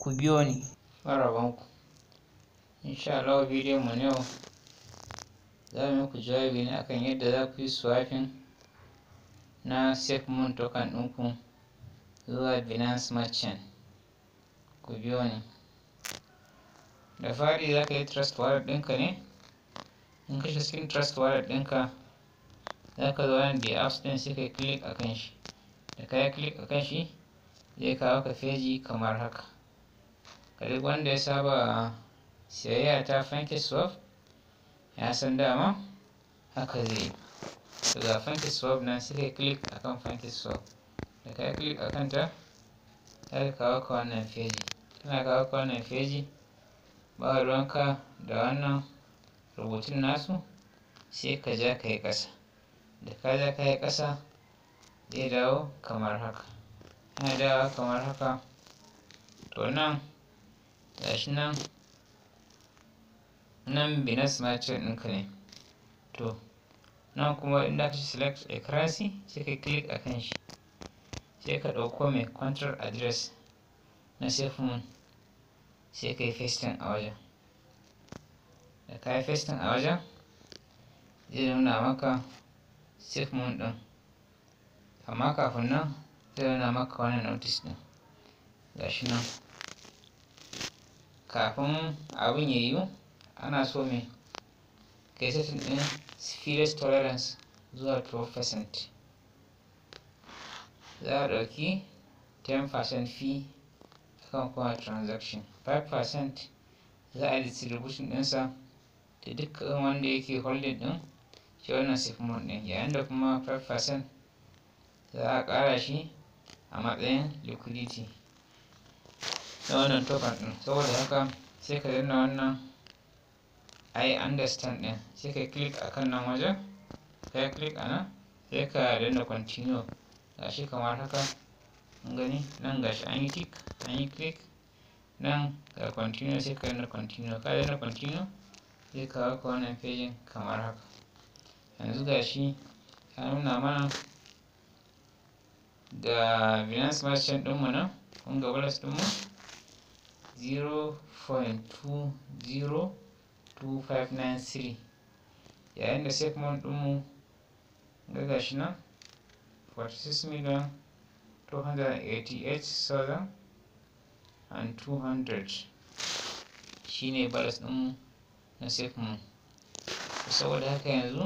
ku biyo ni marabanku insha Allah bidiyon mu yau za mu ku jawabi ne akan yadda za ku yi swapping na SafeMoon token ɗinku zuwa Binance Merchant ku biyo ni da fari za ka yi trust wallet ɗinka ne in ka shi skin trust wallet ɗinka za ka zo nan da apps ɗin sai ka yi click a kan shi da ka yi click a kan shi zai kawo ka feji kamar haka kai wanda ya saba siyayya ta fanke swap ya san dama haka zai to ga fanke swap nan sai kai click akan fanke swap da kai click akan ta sai ka kawo ka wannan feji kana kawo ka wannan feji ba ruwanka da wannan rubutun nasu sai ka ja ka yi ƙasa da ka ja ka yi ƙasa zai dawo kamar haka yana dawo kamar haka to nan gashi nan nan binance merchant ɗinka ne to nan kuma inda ka select a currency sai ka click a kan shi sai ka ɗauko mai control address na safe sai ka yi a wajen da ka yi a wajen zai nuna maka safe moon ɗin amma kafin nan zai nuna maka wani notice ɗin gashi nan kafin abin ya yiwu ana so mai kai setting ɗin spheres tolerance zuwa 12% za a ɗauki 10% fee kan kuma transaction 5% za a distribution ɗinsa da dukkan wanda yake holding ɗin shi wannan sifmon ɗin yayin da kuma 5% za a ƙara shi a matsayin liquidity na wannan token ɗin saboda haka sai ka danna wannan i understand din sai ka click akan nan wajen ka click a nan sai ka danna continue gashi kamar haka gani nan gashi an yi tick an yi click nan ga continue sai ka danna continue ka danna continue sai ka ka wannan fejin kamar haka yanzu gashi ya nuna mana da binance merchant ɗinmu nan kun ga wallet ɗinmu 0.202593 yayin da segment ɗinmu ga gashi nan 46,288,200 shine balas ɗinmu na segment saboda haka yanzu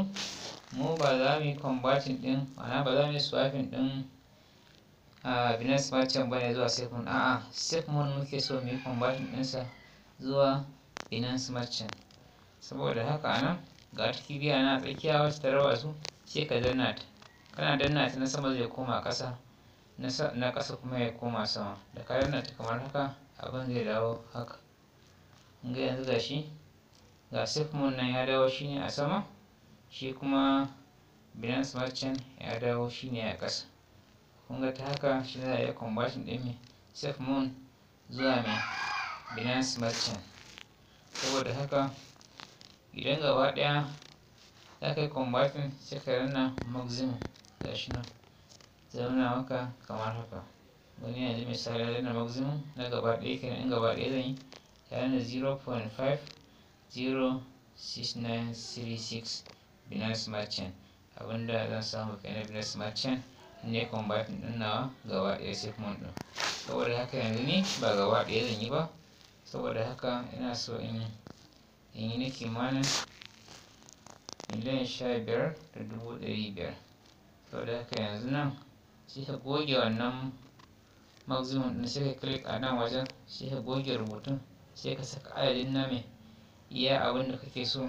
mu ba za mu yi combating ɗin ma'ana ba za mu yi swapping ɗin binance merchant bane zuwa safemoon a'a safemoon muke so mu yi conversion ɗinsa zuwa binance merchant saboda haka anan ga wata kibiya na tsakiya wacce ta raba su sai ka danna ta kana danna na sama zai koma ƙasa na ƙasa kuma ya koma sama da ka danna kamar haka abin zai dawo haka ga yanzu ga shi ga safemoon nan ya dawo shine a sama shi kuma binance merchant ya dawo shine a ƙasa kun ga ta haka shi za a iya conversion ɗin mai safe moon zuwa mai binance merchant saboda haka idan gaba ɗaya za ka yi conversion sai ka rana maximum ga shi nan zauna maka kamar haka wani yanzu misali rana maximum na gaba ɗaya kenan in gaba ɗaya zan yi tare da 0.5 binance merchant abinda zan samu kenan binance merchant ne yi combating nawa gaba ɗaya segment ɗin saboda haka yanzu ni ba gaba ɗaya zan yi ba saboda haka ina so in yi na kimanin miliyan sha biyar da dubu ɗari biyar saboda haka yanzu nan sai ka goge wannan maximum ɗin sai ka click a nan wajen sai ka goge rubutun sai ka saka adadin na mai iya abin da kake so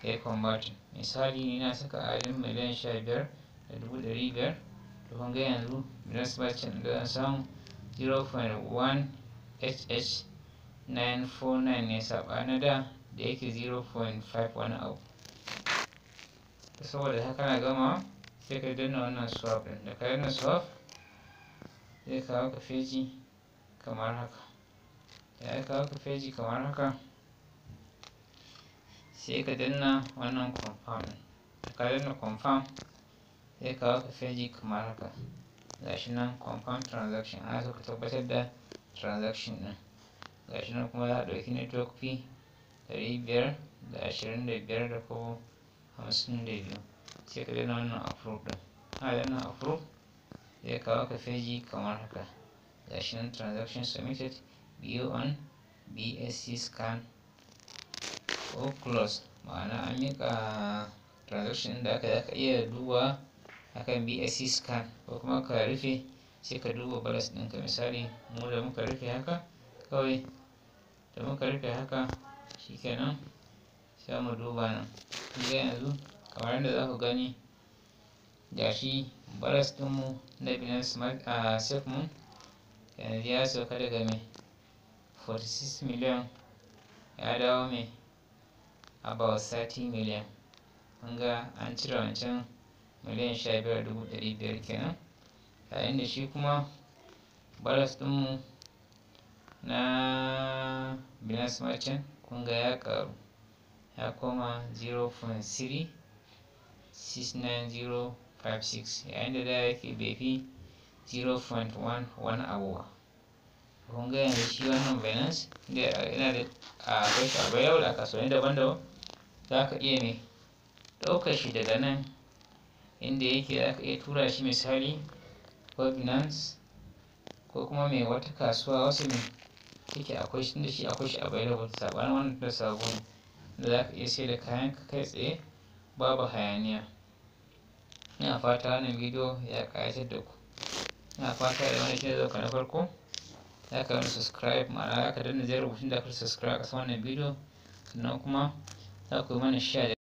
ka yi converting misali ni na saka adadin miliyan sha biyar da dubu ɗari biyar to kun ga yanzu minus da samun 0.1 hh 949 ne saɓanin da da yake 0.51 wani abu saboda haka na gama sai ka danna wannan swap ɗin da ka danna swap zai kawo ka feji kamar haka da ya kawo ka feji kamar haka sai ka danna wannan confirm da ka danna confirm kawo ka feji kamar haka shi nan confirm transaction ana so ka tabbatar da transaction ɗin shi nan kuma za a ɗauki network fee ɗari biyar da ashirin da biyar da ko hamsin da biyu sai ka daina wannan approve ɗin ana daina approve zai kawo ka feji kamar haka shi nan transaction submitted biyu on bsc scan ko close ma'ana an miƙa transaction da aka iya duba akan BSC scan ko kuma ka rufe sai ka duba balas ɗinka misali mu da muka rufe haka kawai da muka rufe haka shikenan sai mu duba nan ga yanzu kamar yadda za ku gani shi balas ɗinmu na binan smart a safe mu yanzu ya sauka daga mai 46 miliyan ya dawo mai about 30 miliyan kun ga an cire wancan miliyan sha biyar dubu ɗari biyar kenan yayin da shi kuma balas ɗinmu na binance merchant kunga ya karu ya koma 0.369056 yayin da da ya ke fi 0.11 abuwa kunga yanzu shi wannan binance da yana da a kai shi a da kasuwanni daban-daban za ka iya ne ɗaukar shi daga nan inda yake za ka iya tura shi misali ko Binance ko kuma mai wata kasuwa wasu ne yake akwai shi da shi akwai shi available sabon wannan da sabo da za ka iya sai da kayan ka kai tsaye babu hayaniya ina fata wannan bidiyo ya ƙayatar da ku ina fata da wani shine zauka na farko za ka wani subscribe ma'ana za ka danna zai rubutun da aka subscribe a wannan bidiyo sannan kuma za ku yi mana share